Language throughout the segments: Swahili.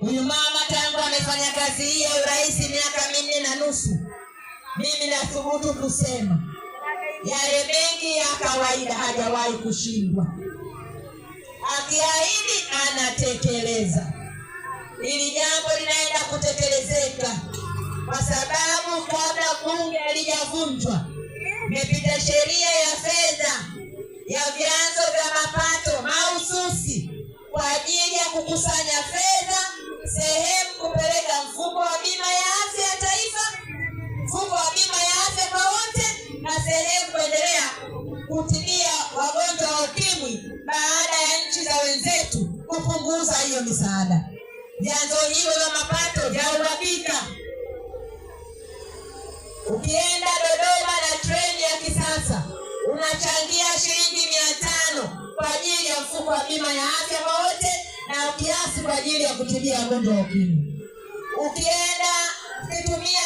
Huyu mama tangu amefanya kazi hii ya urais miaka minne na nusu, mimi nathubutu kusema yale mengi ya kawaida hajawahi kushindwa. Akiahidi anatekeleza. ili jambo linaenda kutekelezeka kwa sababu kabla bunge halijavunjwa imepita sheria ya fedha ya vyanzo vya mapato mahususi kwa ajili ya kukusanya kutibia wagonjwa wa ukimwi baada ya nchi za wenzetu kupunguza hiyo misaada. Vyanzo hivyo vya mapato uhakika, Ukienda Dodoma na treni ya kisasa unachangia shilingi mia tano kwa ajili ya mfuko wa bima ya afya kwa wote na kiasi kwa ajili ya kutibia wagonjwa wa ukimwi. Ukienda ukitumia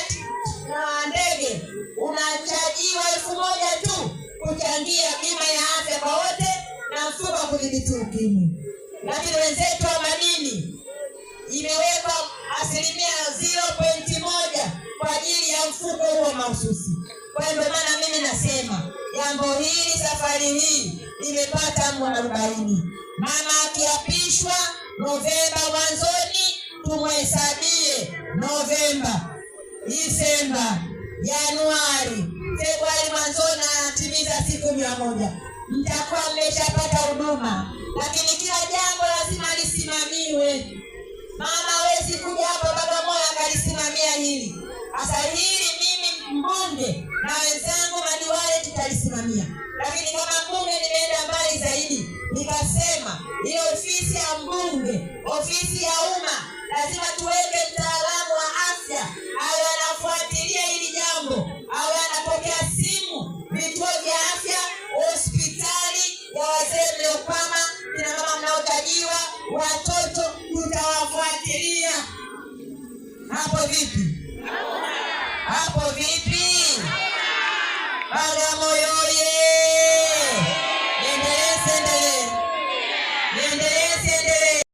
kuchangia bima ya afya kwa wote na mfuko wa kudhibiti ukimwi. Lakini wenzetu wa Manini imewekwa asilimia moja kwa ajili ya mfuko huo mahususi. Kwa hiyo ndio maana mimi nasema jambo hili safari hii limepata mwarobaini. Mama akiapishwa Novemba mwanzoni, tumhesabie Novemba, Disemba, Januari, Februari mwanzoni mia moja mtakuwa mmeshapata huduma, lakini kila jambo lazima lisimamiwe. Mama wezi kuja hapo Bagamoyo akalisimamia hili hasa hili. Mimi mbunge na wenzangu madiwani tutalisimamia, lakini kama mbunge nimeenda mbali zaidi nikasema hiyo ofisi ya mbunge, ofisi ya umma lazima wazee mliokwama, kina mama mnaotajiwa, watoto tutawafuatilia. Hapo vipi? Hapo vipi? Bagamoyo oye!